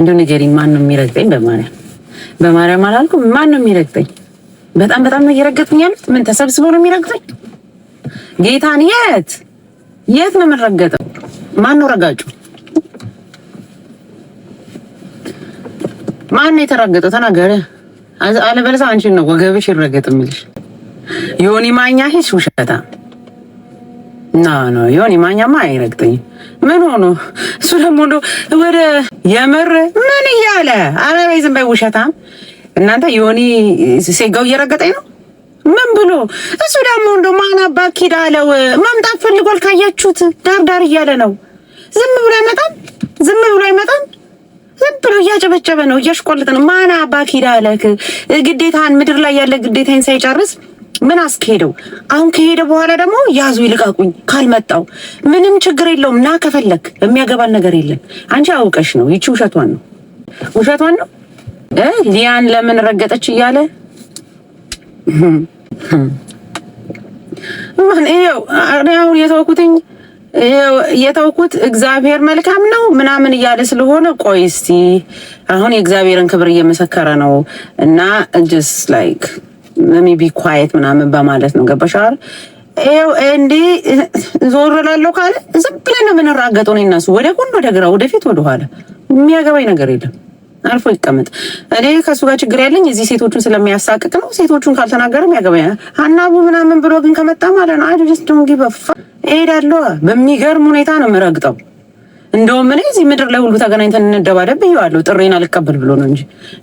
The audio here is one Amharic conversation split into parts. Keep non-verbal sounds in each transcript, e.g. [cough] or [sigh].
እንደው ንገሪኝ፣ ማን ነው የሚረግጠኝ? በማርያም በማርያም አላልኩ። ማን ነው የሚረግጠኝ? በጣም በጣም ነው እየረገጡኝ ያሉት። ምን ተሰብስቦ ነው የሚረግጠኝ? ጌታን የት የት ነው የምንረገጠው? ማን ነው ረጋጩ? ማን ነው የተረገጠው? ተናገረ። አለበለዚያ አንቺን ነው ወገብሽ ይረገጥ የሚልሽ። ዮኒ ማኛ ሂስ ውሸታ ና ነው ማኛማ አይረግጠኝ ምን ሆኖ እሱ ደግሞ ወደ የምር ምን እያለ አረ በይ ዝም በይ ውሸታም። እናንተ ዮኒ ሴጋው እየረገጠኝ ነው ምን ብሎ እሱ ደግሞ እንደ ማን አባት ኪድ መምጣት ፈልጓል። ካያችሁት ዳርዳር እያለ ነው። ዝም ብሎ አይመጣም። ዝም ብሎ አይመጣም። ዝም ብሎ እያጨበጨበ ነው፣ እያሽቆለጠ ነው። ማን አባት ኪድ ግዴታን ምድር ላይ ያለ ግዴታን ሳይጨርስ ምን አስከሄደው? አሁን ከሄደ በኋላ ደግሞ ያዙ ይልቃቁኝ ካልመጣው ምንም ችግር የለውም ና ከፈለክ የሚያገባን ነገር የለም። አንቺ አውቀሽ ነው። ይቺ ውሸቷን ነው ውሸቷን ነው እ ሊያን ለምን ረገጠች እያለ ማን ይኸው የተውኩትኝ የተውኩት እግዚአብሔር መልካም ነው ምናምን እያለ ስለሆነ፣ ቆይ እስቲ አሁን የእግዚአብሔርን ክብር እየመሰከረ ነው እና ጀስት ላይክ መሚ ቢ ኳየት ምናምን በማለት ነው። ገባሻል? እንዴ ዞር ላለው ካለ ዝም ብለን ነው የምንራገጠው። ነው እናሱ ወደ ጎን፣ ወደ ግራ፣ ወደፊት፣ ወደኋላ የሚያገባኝ ነገር የለም። አልፎ ይቀመጥ። እኔ ከእሱ ጋር ችግር ያለኝ እዚህ ሴቶቹን ስለሚያሳቅቅ ነው። ሴቶቹን ካልተናገረም ያገባኛል። ሀናቡ ምናምን ብሎ ግን ከመጣ ማለት ነው አድስ ዶንጊ በፋ እሄዳለሁ። በሚገርም ሁኔታ ነው የምረግጠው። እንደውም እኔ እዚህ ምድር ላይ ሁሉ ተገናኝተን እንደባደብ ብየዋለሁ። ጥሬን አልቀበል ብሎ ነው እንጂ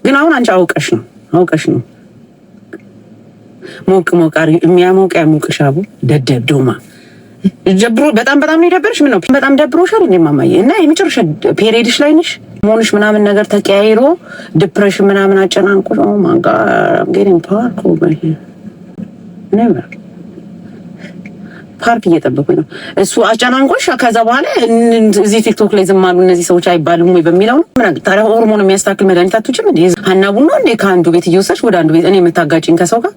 ግን አሁን አንቺ አውቀሽ ነው አውቀሽ ነው ሞቅ ሞቅ የሚያሞቅ ያሞቅ ሻቡ ደደብ ዶማ ጀብሮ በጣም በጣም ነው የደበረሽ። ምን ነው በጣም ደብሮሻል እንዴ ማማዬ? እና የመጨረሻ ፔሪድሽ ላይ ነሽ መሆንሽ ምናምን ነገር ተቀያይሮ ዲፕሬሽን ምናምን አጨናንቁ ኦ ማይ ጋድ ፓርክ ኦቨር ኔቨር ፓርክ እየጠበቁ ነው። እሱ አጨናንቆሽ ከዛ በኋላ እዚህ ቲክቶክ ላይ ዝም አሉ እነዚህ ሰዎች አይባልም ወይ በሚለው ነው። ምን ታዲያ ሆርሞን የሚያስተካክል መድኃኒት አትችም እንዴ? ሀናቡን ነው እንዴ ከአንዱ ቤት እየወሰድሽ ወደ አንዱ ቤት እኔ የምታጋጭኝ ከሰው ጋር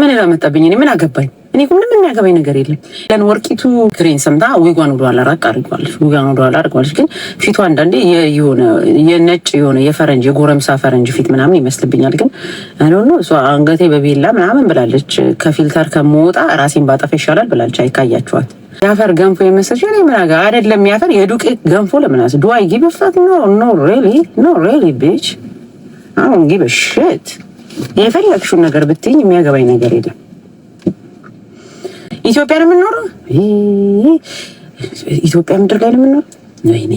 ምን ላመጣብኝ? እኔ ምን አገባኝ? እኔ ምንም የሚያገባኝ ነገር የለም። ያን ወርቂቱ ክሬን ሰምታ ወጓን ወደኋላ ራቅ አድርጓለች፣ ወጓን ወደኋላ አድርጓለች። ግን ፊቱ አንዳንዴ የሆነ የነጭ የሆነ የፈረንጅ የጎረምሳ ፈረንጅ ፊት ምናምን ይመስልብኛል። ግን አይሆነ እሷ አንገቴ በቤላ ምናምን ብላለች። ከፊልተር ከመወጣ ራሴን ባጠፋ ይሻላል ብላለች። አይካያችኋት ያፈር ገንፎ የመሰለች እኔ ምን አገ አይደለም። የአፈር የዱቄት ገንፎ ለምናስ ዱዋይ ጊበፋት ኖ ኖ ሪሊ ኖ ሪሊ ቢች አይ ዶንት አሁን ሺት የፈለግሽውን ነገር ብትይኝ የሚያገባኝ ነገር የለም። ኢትዮጵያ ነው የምንኖረው፣ ኢትዮጵያ ምድር ላይ ነው የምንኖረው። ወይኔ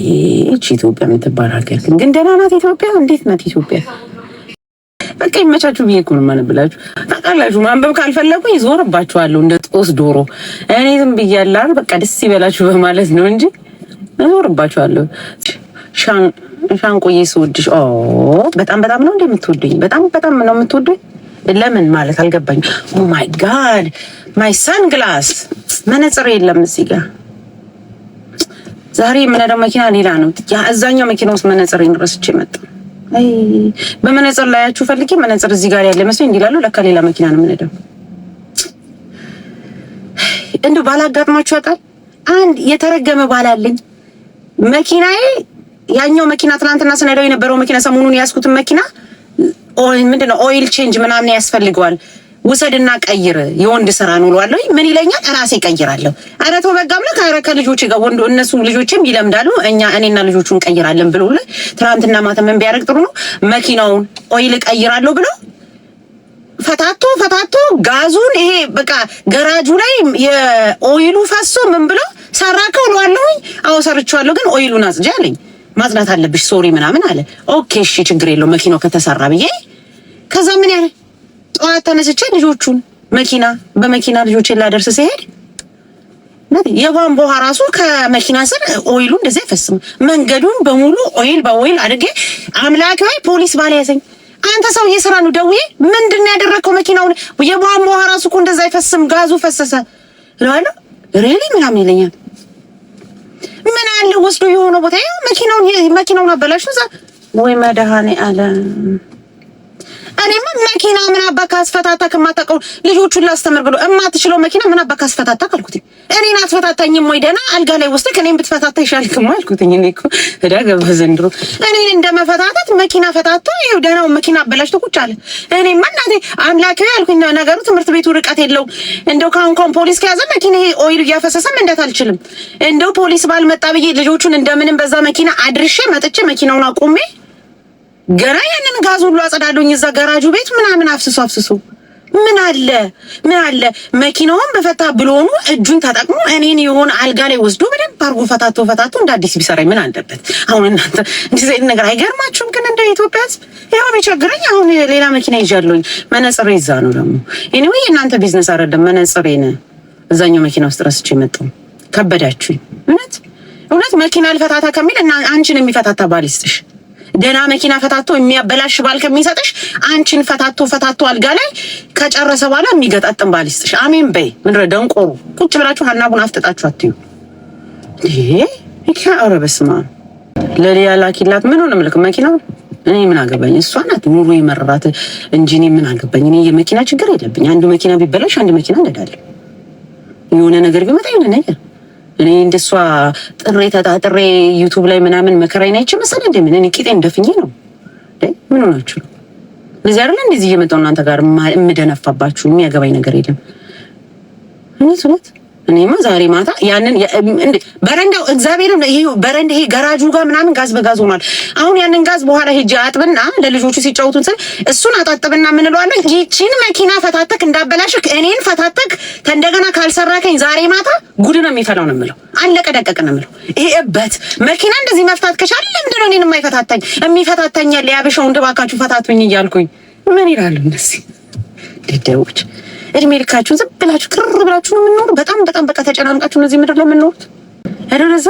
እቺ ኢትዮጵያ የምትባል ሀገር ግን ደህና ናት ኢትዮጵያ። እንዴት ናት ኢትዮጵያ? በቃ ይመቻችሁ ብዬ እኮ ነው የማነብላችሁ። ታውቃላችሁ፣ ማንበብ ካልፈለጉኝ ዞርባችኋለሁ እንደ ጦስ ዶሮ። እኔ ዝም ብያለሁ፣ በቃ ደስ ይበላችሁ በማለት ነው እንጂ ዞርባችኋለሁ። ሻንቆዬ ስወድሽ በጣም በጣም ነው እንደምትወደኝ በጣም በጣም ነው የምትወደኝ። ለምን ማለት አልገባኝ ኦ ማይ ጋድ ማይ ሰን ግላስ መነጽር የለም እዚህ ጋር ዛሬ የምነዳው መኪና ሌላ ነው። እዛኛው መኪና ውስጥ መነጽር ረስቼ መጣ። በመነጽር ላያችሁ ፈልጌ መነጽር እዚህ ጋር ያለ መስሎኝ እንዲላሉ ለካ ሌላ መኪና ነው የምነዳው። እንደው ባላጋጥማችሁ ያውቃል። አንድ የተረገመ ባላለኝ አለኝ መኪናዬ ያኛው መኪና ትናንትና ስነዳው የነበረው መኪና ሰሞኑን ያስኩትን መኪና ምንድነው ኦይል ቼንጅ ምናምን ያስፈልገዋል ውሰድና ቀይር፣ የወንድ ስራ ነው እለዋለሁ። ምን ይለኛል? ራሴ ቀይራለሁ። ኧረ ተው በጋ ረከ ከኧረ ከልጆቼ ጋር ወንዶ እነሱ ልጆችም ይለምዳሉ። እኛ እኔና ልጆቹን ቀይራለን ብሎ ትናንትና ማታ ምን ቢያደርግ ጥሩ ነው? መኪናውን ኦይል ቀይራለሁ ብሎ ፈታቶ ፈታቶ ጋዙን ይሄ በቃ ገራጁ ላይ የኦይሉ ፈሶ ምን ብሎ ሰራከው እለዋለሁኝ። አዎ ሰርቼዋለሁ፣ ግን ኦይሉን አጽጃ አለኝ። ማጽዳት አለብሽ ሶሪ ምናምን አለ። ኦኬ እሺ ችግር የለው መኪናው ከተሰራ ብዬ ከዛ ምን ያለ ጠዋት ተነስቼ ልጆቹን መኪና በመኪና ልጆችን ላደርስ ሲሄድ የቧንቧ ራሱ ከመኪና ስር ኦይሉ እንደዚህ አይፈስም። መንገዱን በሙሉ ኦይል በኦይል አድርጌ አምላክ ወይ ፖሊስ ባለ ያዘኝ። አንተ ሰው ስራ ነው ደውዬ ምንድን ያደረግከው? መኪናውን የቧንቧ ራሱ እኮ እንደዛ አይፈስም፣ ጋዙ ፈሰሰ እለዋለሁ። ሬሊ ምናምን ይለኛል ምን አለ ወስዶ የሆነ ቦታ መኪናውን መኪናውን አበላሽ ወይ መድኃኔ እኔማ መኪና ምን አባ ካስፈታታክ የማታውቀው ልጆቹን ላስተምር ብሎ የማትችለው መኪና ምን አባ ካስፈታታክ አልኩት። እኔን አትፈታታኝም ወይ ደህና አልጋ ላይ ወስደህ እኔን ብትፈታታ ይሻልክማ አልኩት። እኔ እኮ እዳ ገባ ዘንድሮ እኔን እንደመፈታታት መኪና ፈታታ ይኸው ደህናውን መኪና አበላሽቶ ቁጭ አለ። እኔማ እናቴ አምላኬ አልኩኝ። ነገሩ ትምህርት ቤቱ ርቀት የለው እንደው ካሁን ካሁን ፖሊስ ከያዘ መኪና ይሄ ኦይል እያፈሰሰ መንዳት አልችልም። እንደው ፖሊስ ባልመጣ ብዬ ልጆቹን እንደምንም በዛ መኪና አድርሼ መጥቼ መኪናውን አቁሜ ገና ያንን ጋዝ ሁሉ አጸዳለሁኝ እዛ ገራጁ ቤት ምናምን አፍስሶ አፍስሶ ምን አለ ምን አለ መኪናውን በፈታ ብሎኑ እጁን ተጠቅሞ እኔን የሆነ አልጋ ላይ ወስዶ በደንብ አድርጎ ፈታቶ ፈታቶ እንደ አዲስ ቢሰራኝ ምን አለበት? አሁን እናንተ እንደዚህ አይነት ነገር አይገርማችሁም? ግን እንደ ኢትዮጵያ ሕዝብ ያው ቢቸግረኝ አሁን ሌላ መኪና ይዣለሁኝ። መነጽሬ እዛ ነው ደግሞ ኤኒዌይ፣ የእናንተ ቢዝነስ አይደለም። መነጽሬን እዛኛው መኪና ውስጥ ረስቼ መጣሁ። ከበዳችሁኝ። እውነት እውነት መኪና ልፈታታ ከሚል እና አንቺን የሚፈታታ ባል ይስጥሽ። ደህና መኪና ፈታቶ የሚያበላሽ ባል ከሚሰጥሽ አንቺን ፈታቶ ፈታቶ አልጋ ላይ ከጨረሰ በኋላ የሚገጣጥም ባል ይስጥሽ። አሜን በይ። ምንድነው ደንቆሩ? ቁጭ ብላችሁ ሀና ሀናቡን አፍጠጣችሁ አትዩ። ይሄ አረ በስመ አብ ለሊያ ላኪላት። ምን ሆነ ምልክ መኪናው እኔ ምን አገባኝ? እሷ ናት ኑሮ የመረራት እንጂ እኔ ምን አገባኝ? እኔ የመኪና ችግር የለብኝ። አንዱ መኪና ቢበላሽ አንድ መኪና እንደዳለ የሆነ ነገር ቢመጣ የሆነ ነገር እኔ እንደሷ ጥሬ ተጣጥሬ ዩቱብ ላይ ምናምን መከራዬን አይቼ እንደ ምን እኔ ቂጤ እንደፍኝ ነው። ምን ሆናችሁ ነው? ለዚህ አይደለ እንደዚህ እየመጣው እናንተ ጋር የምደነፋባችሁ። የሚያገባኝ ነገር የለም እኔ እኔማ ዛሬ ማታ ያንን በረንዳው እግዚአብሔርም በረንዳ ይሄ ገራጁ ጋር ምናምን ጋዝ በጋዝ ሆኗል። አሁን ያንን ጋዝ በኋላ ሄጄ አጥብና ለልጆቹ ሲጫወቱን ስል እሱን አጣጥብና ምን እለዋለሁ፣ ይቺን መኪና ፈታተክ እንዳበላሽክ እኔን ፈታተክ ተንደገና ካልሰራከኝ ዛሬ ማታ ጉድ ነው የሚፈላው ነው የምለው። አለቀ ደቀቅ ነው የምለው። ይሄ እበት መኪና እንደዚህ መፍታት ከቻለ ለምንድን ነው እኔን የማይፈታተኝ? የሚፈታተኛል ያብሻው እንደባካችሁ ፈታቱኝ እያልኩኝ ምን ይላሉ እነዚህ ደደቦች። እድሜ ልካችሁን ዝም ብላችሁ ቅር ብላችሁ ነው የምንኖሩ። በጣም በጣም በቃ ተጨናንቃችሁ እነዚህ ምድር ላይ የምንኖሩት አደረዛ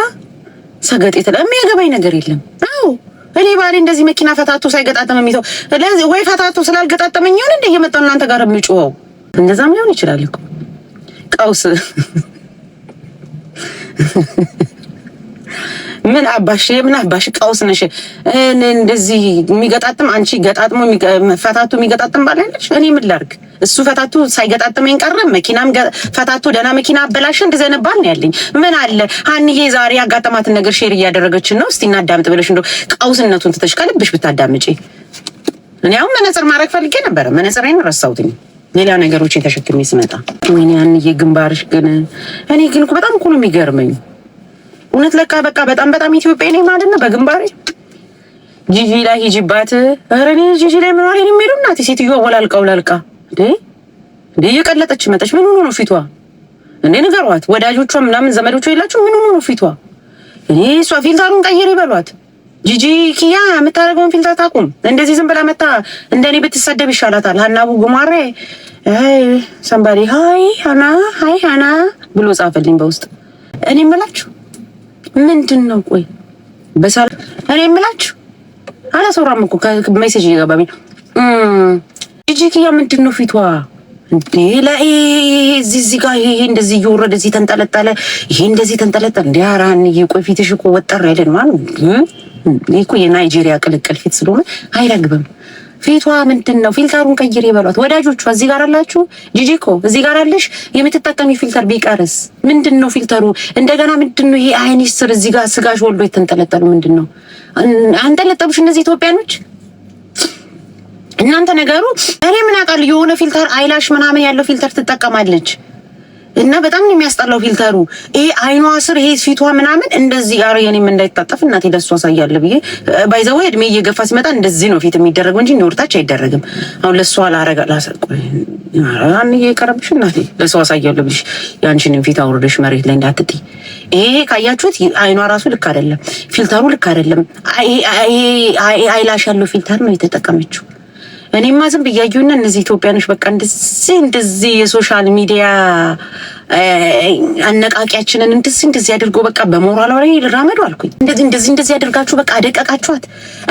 ሰገጤት ላ የሚያገባኝ ነገር የለም። አዎ እኔ ባሌ እንደዚህ መኪና ፈታቶ ሳይገጣጠም የሚተው ወይ ፈታቶ ስላልገጣጠመኝ ይሁን እንደ እየመጣው እናንተ ጋር የምጮኸው እንደዛም ሊሆን ይችላል እኮ ቀውስ ምን አባሽ የምን አባሽ ቀውስ ነሽ። እንደዚህ የሚገጣጥም አንቺ ገጣጥሞ ፈታቱ የሚገጣጥም ባላለሽ እኔ ምን ላድርግ? እሱ ፈታቶ ሳይገጣጥመኝ ቀረ። መኪናም ፈታቱ ደህና መኪና አበላሽ። እንደዚህ አይነት ባል ነው ያለኝ። ምን አለ ሀንዬ ዛሬ ያጋጠማትን ነገር ሼር እያደረገችን ነው። እስቲ እናዳምጥ ብለሽ እንደው ቀውስነቱን ትተሽ ከልብሽ ብታዳምጪ። እኔ አሁን መነጽር ማድረግ ፈልጌ ነበረ፣ መነጽሬን ረሳሁትኝ ሌላ ነገሮችን ተሸክሜ ስመጣ። ወይኔ ሀንዬ ግንባርሽ ግን እኔ ግን በጣም እኮ ነው የሚገርመኝ እውነት ለካ በቃ በጣም በጣም ኢትዮጵያ ነኝ ማለት ነው። በግንባሬ ጂጂ ላይ ሂጂባት። ኧረ እኔ ጂጂ ላይ ምን ዋሬን የሚሄዱ እናቴ ሴትዮዋ ወላልቃ ወላልቃ እንዴ እንዴ እየቀለጠች መጣች። ምን ሆኖ ነው ፊቷ እኔ ንገሯት። ወዳጆቿ ምናምን ዘመዶቿ የላችሁ ምን ሆኖ ነው ፊቷ? እኔ እሷ ፊልተሩን ቀይር ይበሏት። ጂጂ ኪያ የምታደርገውን ፊልተር ታቁም። እንደዚህ ዝም ብላ መታ እንደኔ ብትሰደብ ይሻላታል። ሀናቡ ጉማሬ አይ ሰንባሪ ሃይ ሃና ሃይ ሃና ብሎ ጻፈልኝ በውስጥ እኔ ምላችሁ ምንድን ነው? ቆይ በሳል እኔ የምላችሁ አላሰራም እኮ ሜሴጅ እየገባብኝ ጂጂ ኪያ ምንድን ነው ፊቷ እንዴ? ላይ እዚህ እዚህ ጋር ይሄ እንደዚህ እየወረደ እዚህ ተንጠለጠለ፣ ይሄ እንደዚህ ተንጠለጠለ። እንዲ አራን ቆይ ፊትሽ እኮ ወጠር አይደል ማለት ይሄ እኮ የናይጄሪያ ቅልቅል ፊት ስለሆነ አይረግብም። ፊቷ ምንድን ነው? ፊልተሩን ቀይር ይበሏት ወዳጆቿ። እዚህ ጋር አላችሁ፣ ጂጂኮ እዚህ ጋር አለሽ። የምትጠቀሚ ፊልተር ቢቀርስ ምንድን ነው ፊልተሩ? እንደገና ምንድን ነው ይሄ አይንሽ ስር እዚህ ጋር ስጋሽ ወልዶ የተንጠለጠሉ ምንድን ነው አንጠለጠሉሽ? እነዚህ ኢትዮጵያኖች እናንተ ነገሩ እኔ ምን አውቃለሁ። የሆነ ፊልተር አይላሽ ምናምን ያለው ፊልተር ትጠቀማለች እና በጣም ነው የሚያስጠላው ፊልተሩ። ይሄ አይኗ ስር ይሄ ፊቷ ምናምን እንደዚህ አረ የኔም እንዳይታጠፍ እናቴ ለሱ አሳያለሁ ብዬ ባይዘው እድሜ እየገፋ ሲመጣ እንደዚህ ነው ፊት የሚደረገው እንጂ ኖርታች አይደረግም። አሁን ለሱ አላረጋ ላሰቆይ አራን እየቀረብሽ እናቴ ለሱ አሳያለሁ ብሽ ያንቺንም ፊት አውርደሽ መሬት ላይ እንዳትጥይ። ይሄ ካያችሁት አይኗ ራሱ ልክ አይደለም፣ ፊልተሩ ልክ አይደለም። ይሄ አይላሽ ያለው ፊልተር ነው የተጠቀመችው። እኔማ ዝም ብያዩና እነዚህ ኢትዮጵያኖች በቃ እንደዚህ እንደዚህ የሶሻል ሚዲያ አነቃቂያችንን እንደዚህ እንደዚህ አድርጎ በቃ በሞራል ላይ ይራመዱ አልኩኝ። እንደዚህ እንደዚህ እንደዚህ አድርጋችሁ በቃ አደቀቃችኋት።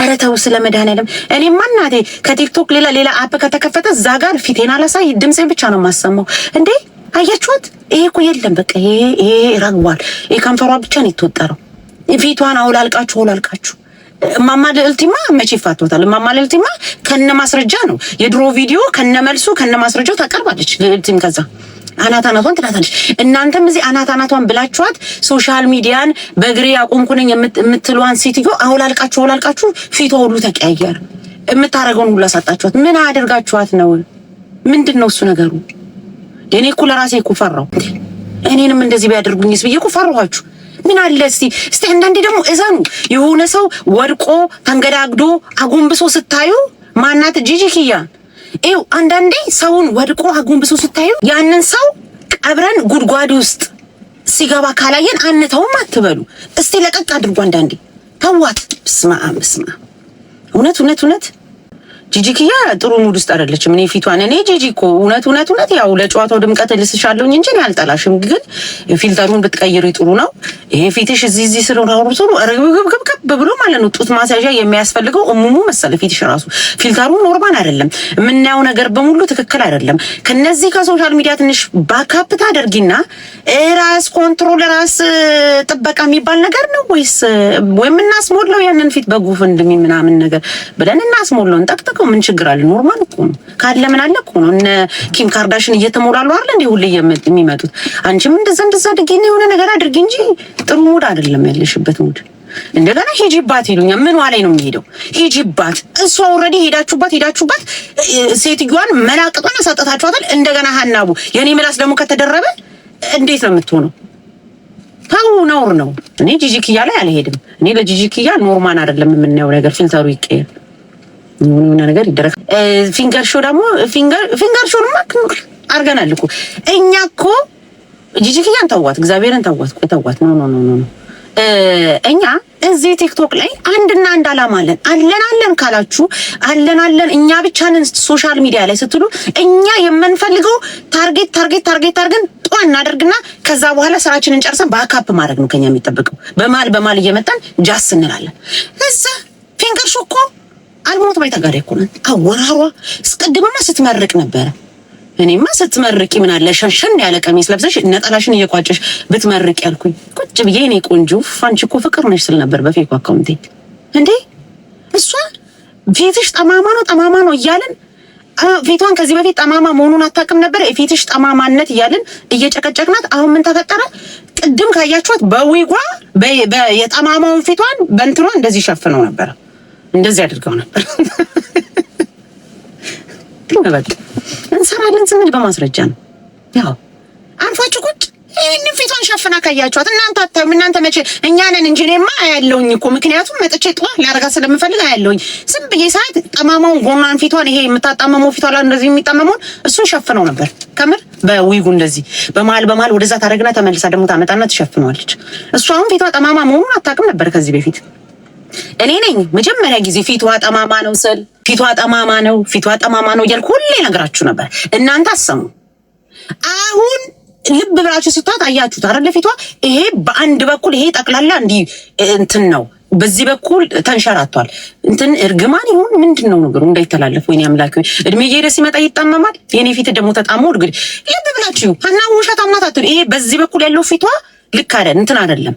ኧረ ተው ስለ መድኃኒዓለም። እኔማ እናቴ ከቲክቶክ ሌላ ሌላ አፕ ከተከፈተ እዛ ጋር ፊቴን አላሳይ ድምፄን ብቻ ነው የማሰማው እንዴ አያችኋት? ይሄ እኮ የለም በቃ ይሄ ይሄ ረግቧል። ይሄ ከንፈሯ ብቻ ነው የተወጠረው። ፊቷን አውላልቃችሁ አውላልቃችሁ እማማ ልዕልቲማ መቼ ይፋቷታል? እማማ ልዕልቲማ ከነ ማስረጃ ነው የድሮ ቪዲዮ ከነ መልሱ ከነ ማስረጃው ታቀርባለች። ልዕልቲም ከዛ አናት አናቷን ትላታለች። እናንተም እዚህ አናት አናቷን ብላችኋት ሶሻል ሚዲያን በእግሬ አቆምኩ ነኝ ሴትዮ አውላልቃችሁ አውላልቃችሁ ፊቷ ሁሉ ተቀያየረ። የምታረገውን ሁሉ አሳጣችኋት። ምን አደርጋችኋት ነው? ምንድን ነው እሱ ነገሩ? እኔ እኮ ለራሴ እኮ ፈራሁ። እኔንም እንደዚህ ቢያደርጉኝስ ብዬ እኮ ፈራኋችሁ። ምን አለ እስቲ እስቲ አንዳንዴ ደግሞ እዘኑ። የሆነ ሰው ወድቆ ተንገዳግዶ አጎንብሶ ስታዩ ማናት ጂጂ ኪያ ይው አንዳንዴ ሰውን ወድቆ አጎንብሶ ስታዩ ያንን ሰው ቀብረን ጉድጓድ ውስጥ ሲገባ ካላየን አንተውም አትበሉ። እስቲ ለቀቅ አድርጎ አንዳንዴ ተዋት። ብስማ ብስማ እውነት እውነት እውነት ጂጂክያ ጥሩ ሙድ ውስጥ አይደለችም። እኔ ፊቷን እኔ ጂጂ እኮ እውነት እውነት እውነት ያው ለጨዋታው ድምቀት ልስሻለሁኝ እንጂ አልጠላሽም፣ ግን ፊልተሩን ብትቀይሪ ጥሩ ነው። ይሄ ፊትሽ እዚህ እዚህ ስር ራሩ ጥሩ ርግብግብግብ ብሎ ማለት ነው። ጡት ማስያዣ የሚያስፈልገው እሙሙ መሰለ ፊትሽ ራሱ ፊልተሩ ኖርማል አይደለም። የምናየው ነገር በሙሉ ትክክል አይደለም። ከነዚህ ከሶሻል ሚዲያ ትንሽ ባካፕ ታደርጊና ራስ ኮንትሮል ራስ ጥበቃ የሚባል ነገር ነው ወይስ ወይም እናስሞላው ያንን ፊት በጉፍ እንደሚምናምን ነገር ብለን እናስሞላውን ጠቅጥቅ ነው። ምን ችግር አለ? ኖርማል እኮ ነው። ካለ ምን አለ እኮ ነው። እነ ኪም ካርዳሽን እየተሞላሉ አይደል እንዴ ሁሌ የሚመጡት። አንቺም እንደዛ እንደዛ አድርጊ የሆነ ነገር አድርጊ እንጂ ጥሩ ሙድ አይደለም ያለሽበት ሙድ። እንደገና ሂጂባት ይሉኛል። ምን ዋላይ ነው የሚሄደው? ሂጂባት እሷ ኦልሬዲ ሄዳችሁባት ሄዳችሁባት ሴትዮዋን መናቅጧን አሳጠታችኋታል። እንደገና ሀናቡ የኔ ምላስ ደግሞ ከተደረበ እንዴት ነው የምትሆነው? ታው ነውር ነው። እኔ ጂጂክያ ላይ አልሄድም። እኔ ለጂጂክያ ኖርማን አይደለም የምናየው ነገር ፊልተሩ ይቀየር። የሆነ ነገር ይደረግ። ፊንገር ሾ ደግሞ ፊንገር ሾ አድርገናል እኮ እኛ እኮ ጂጂክያን ተዋት፣ እግዚአብሔርን ተዋት፣ ተዋት። ኖ ኖ ኖ እኛ እዚህ ቲክቶክ ላይ አንድና አንድ አላማ አለን። አለን አለን ካላችሁ አለን አለን እኛ ብቻንን ሶሻል ሚዲያ ላይ ስትሉ እኛ የምንፈልገው ታርጌት ታርጌት ታርጌት ታርገን ጧ እናደርግና ከዛ በኋላ ስራችንን ጨርሰን በአካፕ ማድረግ ነው ከኛ የሚጠበቀው። በማል በማል እየመጣን ጃስ እንላለን። እዛ ፊንገር ሾ እኮ አልሞት ባይ ተጋዳይ እኮ ናት። አወራሯ እስቀድመማ ስትመርቅ ነበረ። እኔማ ስትመርቂ ምን አለ ሸንሸን ያለ ቀሚስ ለብሰሽ ነጠላሽን እየቋጨሽ ብትመርቂ ያልኩኝ ቁጭ ብዬ እኔ ቆንጆ አንቺ እኮ ፍቅር ነሽ ስል ነበር በፌክ አካውንቴ። እንዴ እሷ ፊትሽ ጠማማ ነው ጠማማ ነው እያልን ፊቷን ከዚህ በፊት ጠማማ መሆኑን አታውቅም ነበር። የፊትሽ ጠማማነት እያልን እየጨቀጨቅናት፣ አሁን ምን ተፈጠረ? ቅድም ካያችኋት በዊጓ የጠማማውን ፊቷን በእንትኗ እንደዚህ ሸፍነው ነበር። እንደዚህ አድርገው ነበር። [laughs] በቃ ስንል በማስረጃ ነው። ያው አርፋችሁ ቁጭ ይህንን ፊቷን ሸፍና ካያችኋት እናንተ አታዩም። እናንተ መቼ እኛንን እንጂኔማ እንጂ እኔማ አያለውኝ እኮ ምክንያቱም መጥቼ ጥዋ ላረጋ ስለምፈልግ አያለውኝ። ዝም ብዬ ሰዓት ጠማማውን ጎኗን ፊቷን ይሄ የምታጣመመው ፊቷ ላ እንደዚህ የሚጠመመውን እሱን ሸፍነው ነበር። ከምር በዊጉ እንደዚህ በመሀል በመሀል ወደዛ ታደረግና ተመልሳ ደግሞ ታመጣና ትሸፍነዋለች። እሷ አሁን ፊቷ ጠማማ መሆኑን አታውቅም ነበር ከዚህ በፊት እኔ ነኝ መጀመሪያ ጊዜ ፊቷ ጠማማ ነው ስል ፊቷ ጠማማ ነው ፊቷ ጠማማ ነው እያልኩ ሁሌ ነግራችሁ ነበር። እናንተ አሰሙ። አሁን ልብ ብላችሁ ስታት አያችሁት አይደለ? ፊቷ ይሄ በአንድ በኩል ይሄ ጠቅላላ እንዲህ እንትን ነው፣ በዚህ በኩል ተንሸራቷል። እንትን እርግማን ይሁን ምንድን ነው ነገሩ እንዳይተላለፍ። ወይኔ አምላክ፣ እድሜ እየሄደ ሲመጣ ይጣመማል። የኔ ፊት ደግሞ ተጣሞ እድግድ። ልብ ብላችሁ እና ውሸት አምናታችሁ። ይሄ በዚህ በኩል ያለው ፊቷ ልክ አይደል? እንትን አይደለም።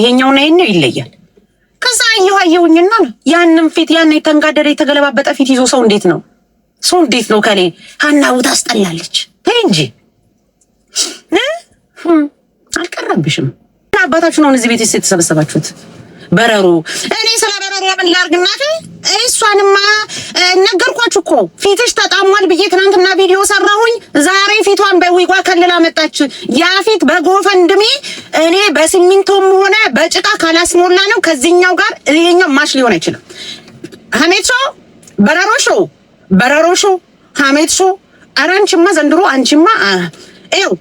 ይሄኛውና ይሄኛው ይለያል። ከዛ አየሁ አየሁኝና ነው ያንም ፊት ያን የተንጋደደ የተገለባበጠ ፊት ይዞ ሰው እንዴት ነው ሰው እንዴት ነው ከሌ ሀናቡ ታስጠላለች። ተይ እንጂ አልቀረብሽም። አባታችሁ ነው እዚህ ቤት የተሰበሰባችሁት በረሩ እኔ ስለ እኔ ምን እናቴ? እሷንማ ነገርኳችሁ እኮ ፊትሽ ተጣሟል ብዬ ትናንትና ቪዲዮ ሰራሁኝ። ዛሬ ፊቷን በዊጓ ከልላ መጣች። ያ ፊት በጎፈንድሜ እኔ በሲሚንቶም ሆነ በጭቃ ካላስሞላ ነው ከዚህኛው ጋር ይሄኛው ማሽ ሊሆን አይችልም። ሀሜቾ በረሮሾ በረሮሾ ሀሜቾ ኧረ አንቺማ ዘንድሮ አንቺማ ይኸው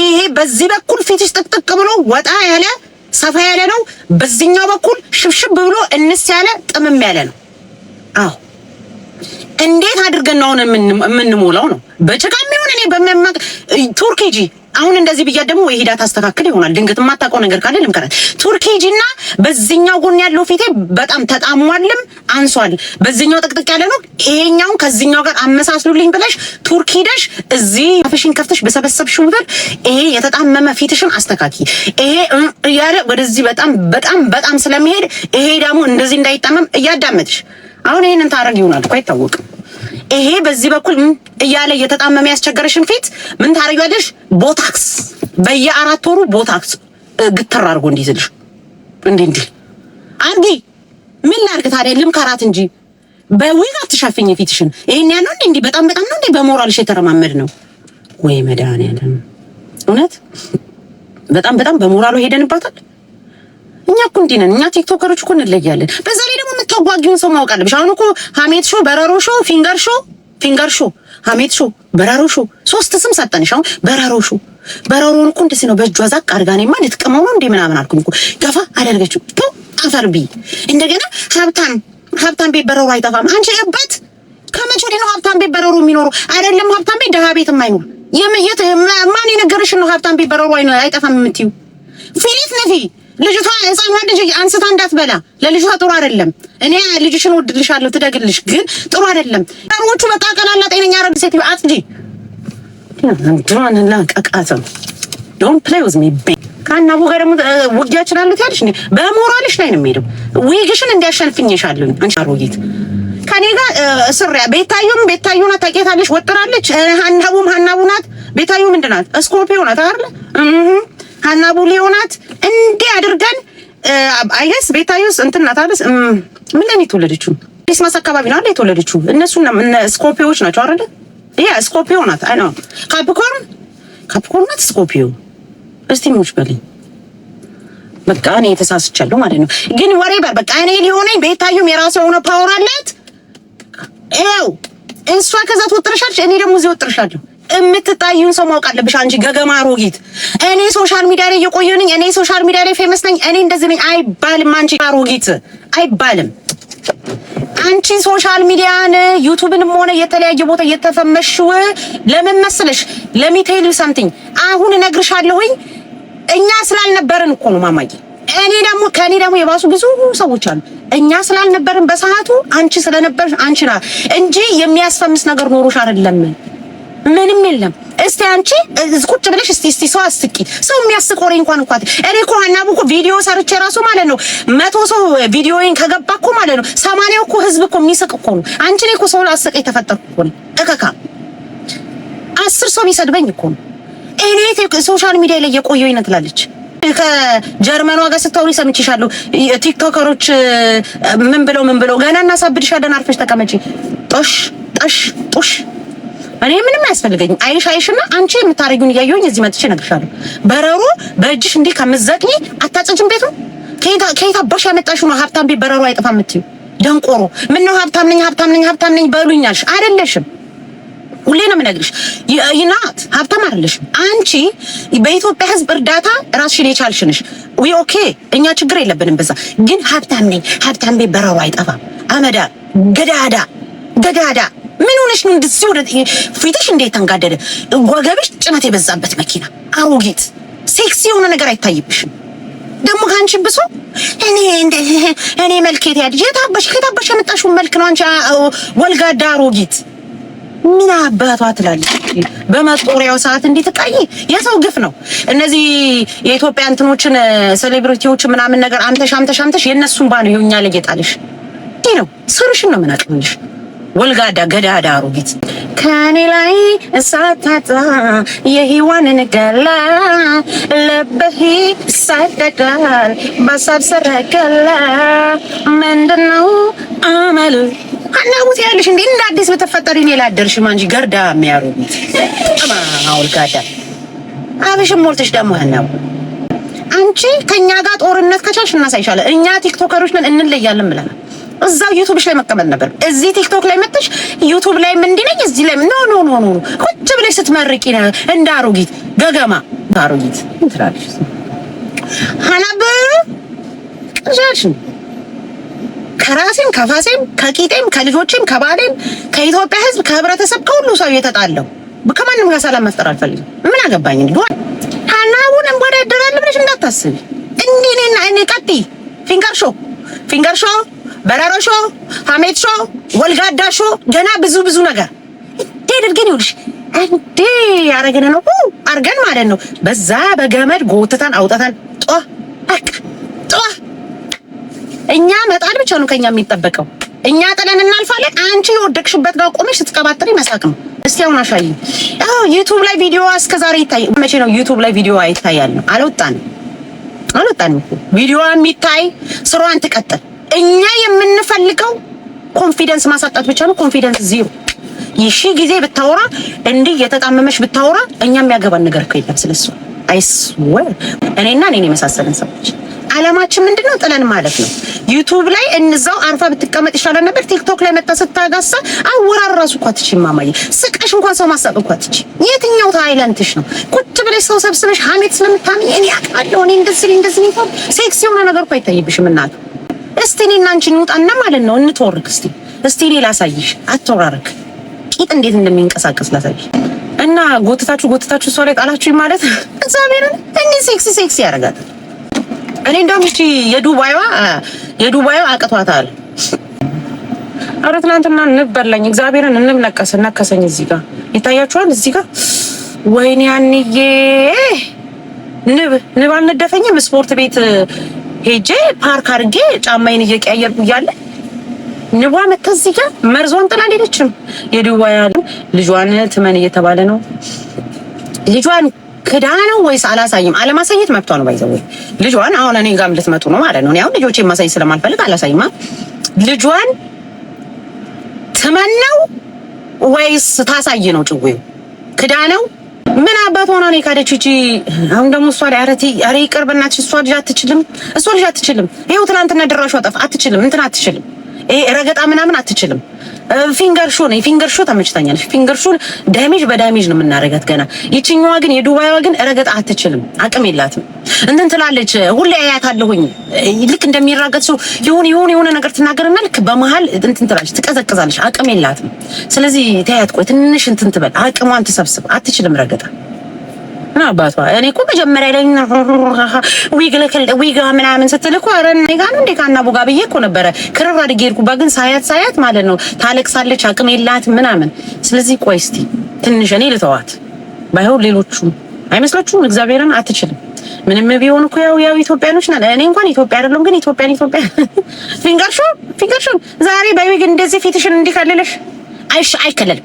ይሄ በዚህ በኩል ፊትሽ ጥቅጥቅ ብሎ ወጣ ያለ ሰፋ ያለ ነው። በዚህኛው በኩል ሽብሽብ ብሎ እንስ ያለ ጥምም ያለ ነው። አዎ እንዴት አድርገን ነው አሁን የምንሞላው? ነው በጭቃ ይሁን እኔ በሚያማቅ ቱርክ ሂጂ አሁን እንደዚህ ብያት ደግሞ ወይ ሄዳ ታስተካክል ይሆናል። ድንገት የማታውቀው ነገር ካለ ልምከራት። ቱርክ ሂጂና በዚህኛው ጎን ያለው ፊቴ በጣም ተጣሟልም አንሷል፣ በዚህኛው ጥቅጥቅ ያለ ነው፣ ይሄኛውን ከዚህኛው ጋር አመሳስሉልኝ ብለሽ ቱርክ ሂደሽ እዚህ አፍሽን ከፍተሽ በሰበሰብሽ ብር ይሄ የተጣመመ ፊትሽን አስተካኪ። ይሄ እያለ ወደዚህ በጣም በጣም በጣም ስለሚሄድ ይሄ ደግሞ እንደዚህ እንዳይጣመም እያዳመጥሽ አሁን ይሄንን ታረግ ይሆናል እኮ አይታወቅም። ይሄ በዚህ በኩል እያለ እየተጣመመ ያስቸገረሽን ፊት ምን ታረጊዋለሽ? ቦታክስ በየአራት ወሩ ቦታክስ ግትር አድርጎ እንዲይዝልሽ እንዲ እንዲ አርጊ። ምን ላርግ ታዲያ? ልምከራት እንጂ በዊግ አትሸፍኝ ፊትሽን። ይሄን ያነው እንዴ? እንዴ በጣም በጣም ነው እንዴ? በሞራልሽ የተረማመድ ነው ወይ መድኃኒዓለም? እውነት በጣም በጣም በሞራሉ ሄደንባታል። እኛ እኮ እንዲህ ነን። እኛ ቲክቶከሮች እኮ እንለያለን። በዛ ላይ ደግሞ የምታዋጊውን ሰው ማወቅ አለብሽ። አሁን እኮ ሀሜት ሾ፣ በረሮ ሾ፣ ፊንገር ሾ፣ ፊንገር ሾ፣ ሀሜት ሾ፣ በረሮ ሾ ሶስት ስም ሰጠንሽ። አሁን በረሮ ሾ በረሮን እኮ እንደዚህ ነው በእጇ ዛቅ አድርጋ እኔማ ልትቀመው ነው እንዴ ምናምን አልኩኝ እኮ ገፋ አደረገችው። ቶ አፈር ብዬ እንደገና ሀብታም ሀብታም ቤት በረሮ አይጠፋም። አንቺ እበት ከመቼ ወዲህ ነው ሀብታም ቤት በረሮ የሚኖሩ? አይደለም ሀብታም ቤት ደሃ ቤት የማይኖር የምየት ማን የነገረሽን ነው? ሀብታም ቤት በረሮ አይጠፋም የምትዩ ፊሊት ነፊ ልጅቷ ህፃኗ ልጅ አንስታ እንዳትበላ ለልጅቷ ጥሩ አይደለም። እኔ ልጅሽን ወድልሻለሁ ትደግልሽ፣ ግን ጥሩ አይደለም። ሮቹ በቃ ቀላላ ጤነኛ አረብ ሴት አጥጂ ድሮን ላቀቃተ ዶንት ፕሌይ ዊዝ ሚ ቤ ከአናቡ ጋር ደግሞ ውጊያችን አሉት ያልሽ እንዴ? በሞራልሽ ላይ ነው የሚሄደው። ዊግሽን እንዲያሸንፍኝሻለሁ አንቺ አሮጊት ከኔ ጋር ስሪያ ቤታዩም ቤታዩ ናት። ታውቂያታለሽ፣ ወጥራለች። ሀናቡም ሀናቡ ናት። ቤታዩ ምንድን ናት? እስኮርፒዮ ናት አይደል? ሀናቡ ሊሆናት እንዲህ አድርገን አይገስ ቤታዩስ እንትን ናት አይደል? ምን ላይ የተወለደችው? ክሪስማስ አካባቢ ነው አይደል የተወለደችው? እነሱ ስኮፒዮች ናቸው አይደል? ያ ስኮፒዮ ናት። አይ ነው ካፕኮርን ካፕኮርን ናት ስኮፒዮ። እስቲ ሞች በልኝ። በቃ እኔ ተሳስቻለሁ ማለት ነው። ግን ወሬ በር በቃ እኔ ሊሆነኝ ቤታዩም የራሷ የሆነ ፓወር አላት። ይኸው እሷ ከዛ ትወጥረሻለች፣ እኔ ደግሞ እዚህ ወጥረሻለሁ። የምትጣዩን ሰው ማወቅ አለብሽ። አንቺ ገገማ አሮጊት፣ እኔ ሶሻል ሚዲያ ላይ እየቆየ ነኝ፣ እኔ ሶሻል ሚዲያ ላይ ፌመስ ነኝ፣ እኔ እንደዚህ ነኝ አይባልም። አንቺ አሮጊት አይባልም። አንቺ ሶሻል ሚዲያን ዩቱብንም ሆነ የተለያየ ቦታ እየተፈመሽው ለምን መስለሽ ለሚቴሉ ሰምቲንግ አሁን እነግርሻለሁኝ። እኛ ስላልነበርን እኮ ነው ማማዬ። እኔ ደግሞ ከእኔ ደግሞ የባሱ ብዙ ሰዎች አሉ። እኛ ስላልነበርን በሰዓቱ አንቺ ስለነበርሽ አንቺ ና እንጂ የሚያስፈምስ ነገር ኖሮሽ አይደለም። ምንም የለም። እስቲ አንቺ ቁጭ ብለሽ እስቲ እስቲ ሰው አስቂ። ሰው የሚያስቅ ወሬ እንኳን እንኳን እኔ እኮ ሀናቡ እኮ ቪዲዮ ሰርቼ ራሱ ማለት ነው መቶ ሰው ቪዲዮዬን ከገባ እኮ ማለት ነው ሰማንያው እኮ ህዝብ እኮ የሚስቅ እኮ ነው። አንቺ እኔ እኮ ሰውን ላስቅ የተፈጠርኩ እኮ ነው። እከካ አስር ሰው የሚሰድበኝ እኮ ነው። እኔ ሶሻል ሚዲያ ላይ የቆየው ይነት ትላለች ከጀርመኗ ጋር ስታወሪ ሰምቼሻለሁ። ቲክቶከሮች ምን ብለው ምን ብለው ገና እናሳብድሻለን፣ አርፈሽ ተቀመጪ ጦሽ ጦሽ ጦሽ እኔ ምንም አያስፈልገኝም። አይሽ አይሽና አንቺ የምታረጊውን እያየሁኝ እዚህ መጥቼ እነግርሻለሁ። በረሮ በእጅሽ እንዲህ ከምትዘቅኝ አታጭጅም። ቤቱ ከየት አባሽ ያመጣሽው ነው? ሀብታም ቤት በረሮ አይጠፋም እምትይው ደንቆሮ። ምነው ሀብታም ነኝ ሀብታም ነኝ ሀብታም ነኝ በሉኛልሽ። አይደለሽም ሁሌ ነው የምነግርሽ። ይናት ሀብታም አይደለሽ አንቺ። በኢትዮጵያ ሕዝብ እርዳታ ራስሽን የቻልሽ ነሽ። ዊ ኦኬ፣ እኛ ችግር የለብንም በዛ። ግን ሀብታም ነኝ ሀብታም ቤት በረሮ አይጠፋም። አመዳ ገዳዳ ገዳዳ ምን ሆነሽ ነው እንደዚህ? ወደ ፊትሽ እንዴት ተንጋደደ? ወገብሽ ጭነት የበዛበት መኪና። አሮጊት ሴክሲ የሆነ ነገር አይታይብሽም። ደግሞ ከአንቺ ብሶ እኔ እንደ እኔ መልክ የት የታበሽ ከታበሽ የመጣሽውን መልክ ነው አንቺ ወልጋዳ አሮጊት ምን አባቷ ትላለች። በመጦሪያው ሰዓት እንዴት ቃይ የሰው ግፍ ነው። እነዚህ የኢትዮጵያ እንትኖችን ሴሌብሪቲዎችን ምናምን ነገር አምተሽ አምተሽ አምተሽ የእነሱን ባን ይሆኛል እየጣለሽ ዲ ነው ስርሽን ነው ምን አቅምልሽ ወልጋዳ ገዳዳ አሮጊት ከኔ ላይ እሳታጣ የህዋንን ገላ ለበሂ ሳደዳል በሳብ ሰረገላ ምንድነው አመል አናቡት ያለሽ እንዴ እንደ አዲስ በተፈጠሪ እኔ ላደርሽም አንቺ ገርዳ የሚያሮጊት ወልጋዳ አብሽም ሞልተሽ ደግሞ ያናቡ አንቺ ከኛ ጋር ጦርነት ከቻልሽ እናሳይሻለን። እኛ ቲክቶከሮች ነን እንለያለን ብለናል። እዛው ዩቱብሽ ላይ መቀመጥ ነበር። እዚህ ቲክቶክ ላይ መጥተሽ ዩቱብ ላይ ምን እንዲነኝ እዚህ ላይ ኖ ኖ ኖ ኖ ቁጭ ብለሽ ስትመርቂ ነው እንደ አሮጊት ገገማ አሮጊት እንትላለሽ ሐናብ ጀሽ ከራሴም ከፋሴም ከቂጤም ከልጆቼም ከባሌም ከኢትዮጵያ ሕዝብ ከህብረተሰብ ከሁሉ ሰው የተጣለው ከማንም ጋር ሰላም መፍጠር አልፈልግም። ምን አገባኝ እንዴ? ሐናቡን እንበዳ ደራል ብለሽ እንዳታስቢ እንዴ ነኝ እኔ ቀጥይ ፊንገር ሾ ፊንገር ሾ፣ በረሮ ሾ፣ ሀሜት ሾ፣ ወልጋዳ ሾ፣ ገና ብዙ ብዙ ነገር እንዴ አድርገን ይኸውልሽ እንዴ ያረገነ ነው አርገን ማለት ነው። በዛ በገመድ ጎትተን አውጥተን ጧ አክ ጧ እኛ መጣል ብቻ ነው ከኛ የሚጠበቀው። እኛ ጥለን እናልፋለን። አንቺ የወደቅሽበት ጋር ቆመሽ ስትቀባጥሪ መሳቅ ነው። እስቲ አሁን አሻይ። አዎ ዩቲዩብ ላይ ቪዲዮ እስከዛሬ ይታይ። መቼ ነው ዩቲዩብ ላይ ቪዲዮ አይታያል? አልወጣንም አልወጣን እኮ ቪዲዮ የሚታይ ስሯን ትቀጥል። እኛ የምንፈልገው ኮንፊደንስ ማሳጣት ብቻ ነው። ኮንፊደንስ ዜሮ። ይሺ ጊዜ ብታወራ እንዲህ የተጣመመሽ ብታወራ እኛ የሚያገባን ነገር እኮ የለም ስለሱ። አይስወ እኔና እኔን የመሳሰለን ሰዎች አላማችን ምንድነው? ጥለን ማለት ነው። ዩቲዩብ ላይ እንዛው አርፋ ብትቀመጥ ይሻላል ነበር። ቲክቶክ ላይ መጣ ስታጋሳ አወራር ራሱ እንኳን ትች ማማዬ ስቀሽ እንኳን ሰው ማሳቅ እንኳን ትች። የትኛው ታይላንትሽ ነው? ቁጭ ብለሽ ሰው ሰብስበሽ ሀሜት ስለምታምኝ እኔ አውቃለሁ እኔ እንደዚህ እንደዚህ ነው። ሴክስ የሆነ ነገር እኮ አይታይብሽም እናት። እስቲ እኔ እና አንቺ እንውጣና ማለት ነው እንትወርክ። እስቲ እስቲ እኔ ላሳይሽ አትወራርክ ቂጥ እንዴት እንደሚንቀሳቀስ ላሳይሽ እና ጎትታችሁ ጎትታችሁ ሰው ላይ ጣላችሁኝ ማለት እግዚአብሔርን እንዴ ሴክሲ ሴክሲ ያደርጋታል እኔ እንደውም እሺ የዱባይዋ የዱባይዋ አቅቷታል። አረ ትናንትና ንብ በላኝ። እግዚአብሔርን እንብ ነቀሰ ነከሰኝ። እዚህ ጋር ይታያችኋል። እዚህ ጋር ወይኔ ያንዬ ንብ ንብ አልነደፈኝም። ስፖርት ቤት ሄጄ ፓርክ አድርጌ ጫማዬን እየቀያየርኩ እያለ ንቧ መታ እዚህ ጋር መርዟን ጥላ አልሄደችም። የዱባይ ልጇን ትመን እየተባለ ነው ልጇን ክዳ ነው ወይስ አላሳይም? አለማሳየት መብቷ ነው። ባይዘው ልጇን አሁን እኔ ጋር ልትመጡ ነው ማለት ነው። እኔ አሁን ልጆቼ ማሳየት ስለማልፈልግ አላሳይም። ልጇን ትመነው ወይስ ታሳይ ነው? ጭዌው ክዳ ነው። ምን አባት ሆና ነው የካደች እቺ? አሁን ደግሞ እሷ ላይ አረቲ አረ ይቅር በእናትሽ፣ እሷ ልጅ አትችልም፣ እሷ ልጅ አትችልም። ይሄው ትናንትና ድራሹ አጠፋ አትችልም፣ እንትን አትችልም፣ ይሄ ረገጣ ምናምን አትችልም። ፊንገር ሾ ነው። ፊንገር ሾ ተመችታኛል። ፊንገር ሾ ዳሜጅ በዳሜጅ ነው የምናረጋት። ገና ይችኛዋ ግን የዱባይዋ ግን ረገጥ አትችልም፣ አቅም የላትም። እንትን ትላለች ሁሌ አያታለሁኝ። ልክ እንደሚራገጥ ሰው የሆነ የሆነ የሆነ ነገር ትናገርና ልክ በመሀል እንትን ትላለች፣ ትቀዘቅዛለች። አቅም የላትም። ስለዚህ ተያት ቆይ ትንሽ እንትን ትበል፣ አቅሟን ትሰብስብ። አትችልም ረገጣ ምን አባቷ እኔ እኮ መጀመሪያ ላይ ዊግ ልክል ዊግ ምናምን ስትል እኮ ኧረ እኔ ጋር ነው እንዴ ካና ቡጋ ብዬ እኮ ነበረ ክርር አድርጌ ሄድኩባት። ግን ሳያት ሳያት ማለት ነው ታለቅሳለች፣ አቅም የላት ምናምን። ስለዚህ ቆይ እስቲ ትንሽ እኔ ልተዋት፣ ባይሆን ሌሎቹ አይመስላችሁም? እግዚአብሔርን አትችልም። ምንም ቢሆን እኮ ያው ያው ኢትዮጵያኖች ናት። እኔ እንኳን ኢትዮጵያ አይደለም፣ ግን ኢትዮጵያን ኢትዮጵያ ፊንገርሾ [laughs] ፊንገርሾ ዛሬ ባይዊግ እንደዚህ ፊትሽን እንዲከልልሽ አይሽ አይከለልም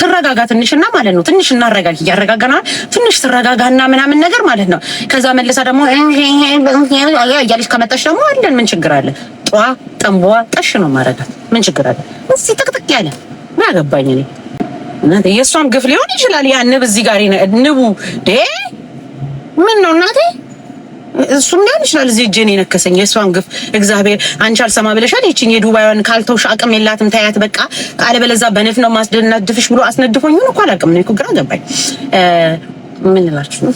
ትረጋጋ ትንሽና ማለት ነው። ትንሽ እናረጋግ እያረጋጋና ትንሽ ትረጋጋና ምናምን ነገር ማለት ነው። ከዛ መልሳ ደግሞ እያለች ከመጣች ደግሞ አለን ምን ችግር አለ? ጧ ጠንቧ ጠሽ ነው ማረጋት ምን ችግር አለ? እስቲ ጥቅጥቅ ያለ ምን አገባኝ እኔ። የእሷም ግፍ ሊሆን ይችላል ያ ንብ እዚህ ጋር ንቡ ምን ነው እናቴ እሱም ሊሆን ይችላል እዚህ እጄን የነከሰኝ የእሷን ግፍ እግዚአብሔር አንቺ አልሰማ ብለሻል። ይችን የዱባይዋን ካልተውሽ አቅም የላትም ታያት በቃ አለበለዛ በነፍ ነው ማስደናድፍሽ ብሎ አስነድፎኝ ሆን እኮ አላቅም ነው ግራ ገባኝ። ምን እላችሁ ነው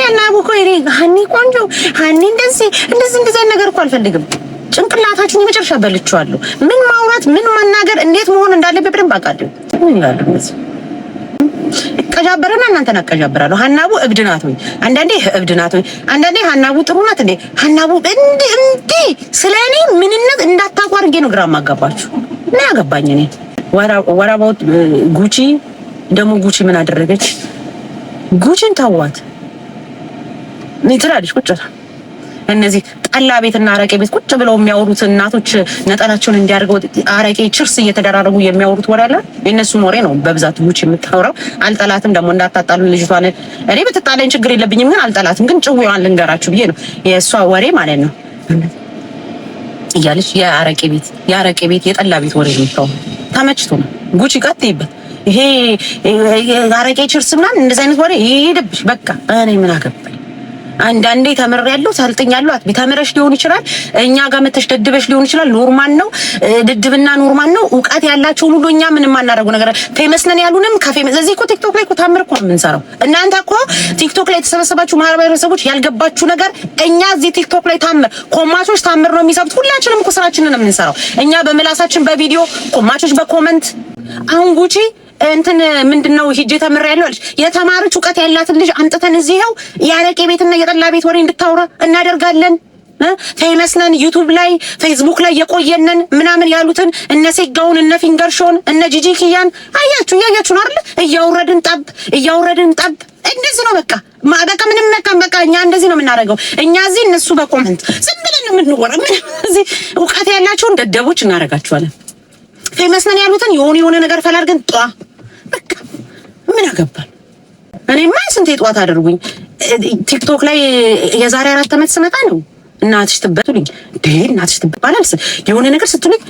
እና ሀኒ ቆንጆ ሀኒ እንደዚህ እንደዚህ እንደዚህ ነገር እኮ አልፈልግም። ጭንቅላታችሁን የመጨረሻ በልቼዋለሁ። ምን ማውራት፣ ምን መናገር፣ እንዴት መሆን እንዳለበት በደንብ አውቃለሁ። ምን ይላሉ እነዚህ አቀዣበረና እናንተን አቀዣበራለሁ። ሀናቡ እብድ ናት ወይ? አንዳንዴ እብድ ናት ወይ? አንዳንዴ ሀናቡ ጥሩ ናት እንዴ? ሀናቡ እንዴ እንዴ ስለ እኔ ምንነት እንዳታውቁ አድርጌ ነው ግራ ማጋባችሁ ምን ያገባኝ እኔ ወራባውት ጉቺ ደግሞ ጉቺ ምን አደረገች? ጉቺን ታዋት ትላለች ቁጭ እነዚህ ጠላ ቤትና አረቄ ቤት ቁጭ ብለው የሚያወሩት እናቶች ነጠላቸውን እንዲያደርገው አረቄ ችርስ እየተደራረጉ የሚያወሩት ወሬ አለ። የእነሱን ወሬ ነው በብዛት ጉች የምታወራው። አልጠላትም ደግሞ እንዳታጣሉ ልጅቷን። እኔ ብትጣለኝ ችግር የለብኝም፣ ግን አልጠላትም። ግን ጭዋዋን ልንገራችሁ ብዬ ነው የእሷ ወሬ ማለት ነው እያለች የአረቄ ቤት የአረቄ ቤት የጠላ ቤት ወሬ የምታወራው ተመችቶ ነው ጉች ይቀጥይበት ይሄ አረቄ ችርስ ምናምን እንደዚህ አይነት ወሬ ይሄ ይሄድብሽ። በቃ እኔ ምን አገባኝ። አንዳንዴ ተምር ያለው ሰልጥኝ ያለው አትቢ ተምረሽ ሊሆን ይችላል። እኛ ጋር መተሽ ደድበሽ ሊሆን ይችላል። ኖርማል ነው፣ ድድብና ኖርማል ነው። እውቀት ያላቸውን ሁሉ እኛ ምንም አናደርገው ነገር ፌመስ ነን ያሉንም ከፌመስ እዚህ እኮ ቲክቶክ ላይ እኮ ታምር እኮ ነው የምንሰራው። እናንተ እኮ ቲክቶክ ላይ የተሰበሰባችሁ ማህበረሰቦች ያልገባችሁ ነገር እኛ እዚህ ቲክቶክ ላይ ታምር ኮማቾች ታምር ነው የሚሰሩት። ሁላችንም እኮ ስራችንን ነው የምንሰራው እኛ በምላሳችን በቪዲዮ ኮማቾች በኮመንት አሁን ጉቺ እንትን ምንድነው ነው ሂጄ ተምሬያለሁ አለች። የተማረች እውቀት ያላትን ልጅ አንጥተን እዚህው ይኸው የአረቄ ቤትና የጠላ ቤት ወሬ እንድታውራ እናደርጋለን። ፌመስነን ዩቱብ ላይ ፌስቡክ ላይ የቆየነን ምናምን ያሉትን እነ ሴጋውን እነ ፊንገርሾን እነ ጂጂ ኪያን አያችሁ እያያችሁ ነው አይደል? እያወረድን ጠብ እያወረድን ጠብ እንደዚህ ነው በቃ በቃ ምንም በቃ በቃ እኛ እንደዚህ ነው የምናደርገው። እኛ እዚህ እነሱ በኮመንት ዝም ብለን ነው የምንወራ። እዚህ እውቀት ያላቸውን ደደቦች እናደርጋችኋለን። ፌመስነን ያሉትን የሆነ የሆነ ነገር ፈላርገን ጧ በቃ ምን ያገባል? እኔማ ስንቴ ጠዋት አደርጉኝ ቲክቶክ ላይ የዛሬ አራት ዓመት ስመጣ ነው እናትሽ ትበቱልኝ እንዴ እናትሽ ትባላል የሆነ ነገር ስትሉኝ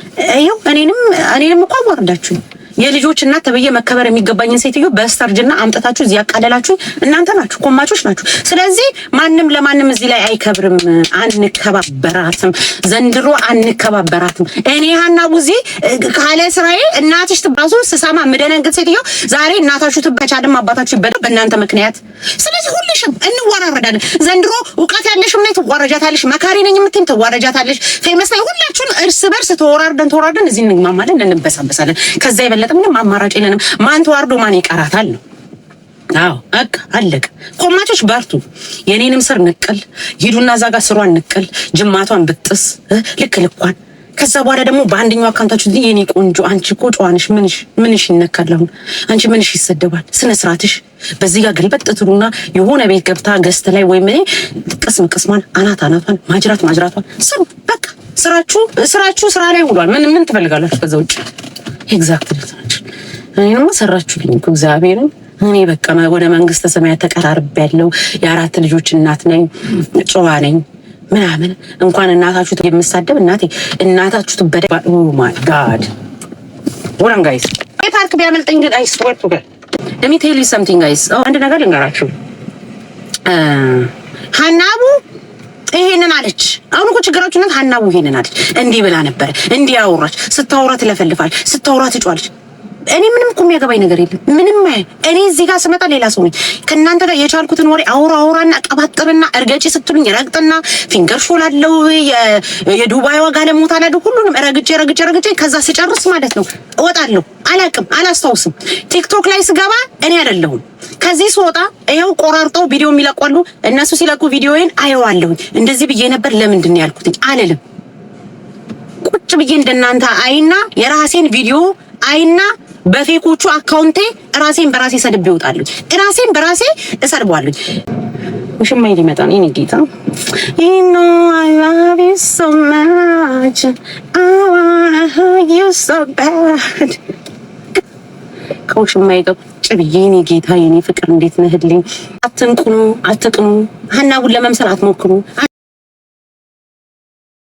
ይኸው እኔንም እኔንም እኮ አዋርዳችሁኝ የልጆች እናት ተብዬ መከበር የሚገባኝን ሴትዮ በስተርጅና አምጥታችሁ እዚህ ያቃለላችሁ እናንተ ናችሁ፣ ኮማቾች ናችሁ። ስለዚህ ማንም ለማንም እዚህ ላይ አይከብርም። አንከባበራትም፣ ዘንድሮ አንከባበራትም። እኔ ሀና ቡዜ ካለ ስራዬ እናትሽ ትባሱ ስሰማ ምደነግጥ ሴትዮ ዛሬ እናታችሁ ትበቻልም አባታችሁ ይበዳል በእናንተ ምክንያት። ስለዚህ ሁልሽም እንወራረዳለን። ዘንድሮ እውቀት ያለሽም ላይ ትዋረጃታለሽ፣ መካሪ ነኝ የምትይም ትዋረጃታለሽ። ፌመስ ላይ ሁላችሁም እርስ በርስ ተወራርደን ተወራርደን እዚህ እንግማማለን፣ እንበሳበሳለን ከዛ የበለጠ በስተቀር ምንም አማራጭ የለንም። ማን ተዋርዶ ማን ይቀራታል ነው። አዎ በቃ አለቀ። ኮማቾች በርቱ። የኔንም ስር ንቅል ሂዱና እዛ ጋር ስሯን ንቅል፣ ጅማቷን ብጥስ ልክ ልኳን። ከዛ በኋላ ደግሞ በአንደኛው አካውንታችሁ የኔ ቆንጆ አንቺ እኮ ጨዋንሽ፣ ምንሽ ምንሽ ይነካል? አሁን አንቺ ምንሽ ይሰደባል? ስነ ስርዓትሽ በዚህ ጋር ግልበጥ ትሉና የሆነ ቤት ገብታ ገዝት ላይ ወይም እኔ ቅስም ቅስሟን፣ አናት አናቷን፣ ማጅራት ማጅራቷን ስሩ። በቃ ስራችሁ ስራችሁ ስራ ላይ ውሏል። ምን ምን ትፈልጋላችሁ ከዛ ውጭ? ኤግዛክት ልትነች። እኔንማ ሰራችሁልኝ እግዚአብሔርን። እኔ በቃ ወደ መንግስተ ሰማያት ተቀራርብ ያለው የአራት ልጆች እናት ነኝ፣ ጨዋ ነኝ ምናምን እንኳን እናታችሁ የምሳደብ እናቴ እናታችሁ ትበደ ማይ ጋድ ወራን ጋይስ ፓርክ ቢያመልጠኝ ግን አይስ ወርቱ ጋር ለሚ ቴል ዩ ሰምቲንግ ጋይስ አንድ ነገር ልንገራችሁ ሀናቡ ይሄንን አለች። አሁን እኮ ችግራችሁ እናት ሀናቡ ይሄንን አለች። እንዲህ ብላ ነበረ፣ እንዲህ አወራች። ስታወራ ትለፈልፋለች፣ ስታወራ እኔ ምንም እኮ የሚያገባኝ ነገር የለም። ምንም እኔ እዚህ ጋር ስመጣ ሌላ ሰው ነኝ። ከእናንተ ጋር የቻልኩትን ወሬ አውራ አውራና ቀባጥርና እርገጭ ስትሉኝ ረግጥና ፊንገር ሾላለው የዱባይ ዋጋ ለሞት አላደ ሁሉንም ረግጬ ረግጬ ረግጬ ከዛ ስጨርስ ማለት ነው እወጣለሁ። አላቅም፣ አላስታውስም። ቲክቶክ ላይ ስገባ እኔ አይደለሁም። ከዚህ ስወጣ ይኸው ቆራርጠው ቪዲዮ የሚለቋሉ እነሱ ሲለቁ ቪዲዮዬን አየዋለሁኝ። እንደዚህ ብዬ ነበር ለምንድን ነው ያልኩትኝ አልልም። ቁጭ ብዬ እንደናንተ አይና የራሴን ቪዲዮ አይና በፌኮቹ አካውንቴ ራሴን በራሴ ሰድቤ ይወጣሉ። ራሴን በራሴ እሰድቧለሁ። ውሽማዬ ሊመጣ ነው። እኔ ጌታ you know I love you so much I wanna hug you so bad ከውሽማዬ ጋር ቁጭ ብዬ ጌታ የኔ ፍቅር እንዴት ነህልኝ። አትንቁኑ፣ አትቅኑ፣ ሀናቡን ለመምሰል አትሞክሩ።